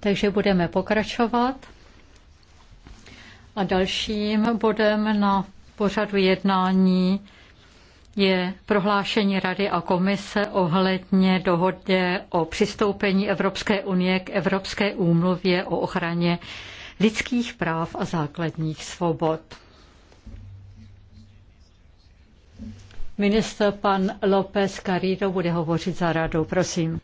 Takže budeme pokračovat. A dalším bodem na pořadu jednání je prohlášení Rady a Komise ohledně dohodě o přistoupení Evropské unie k Evropské úmluvě o ochraně lidských práv a základních svobod. Minister pan López Carrido bude hovořit za radu, prosím.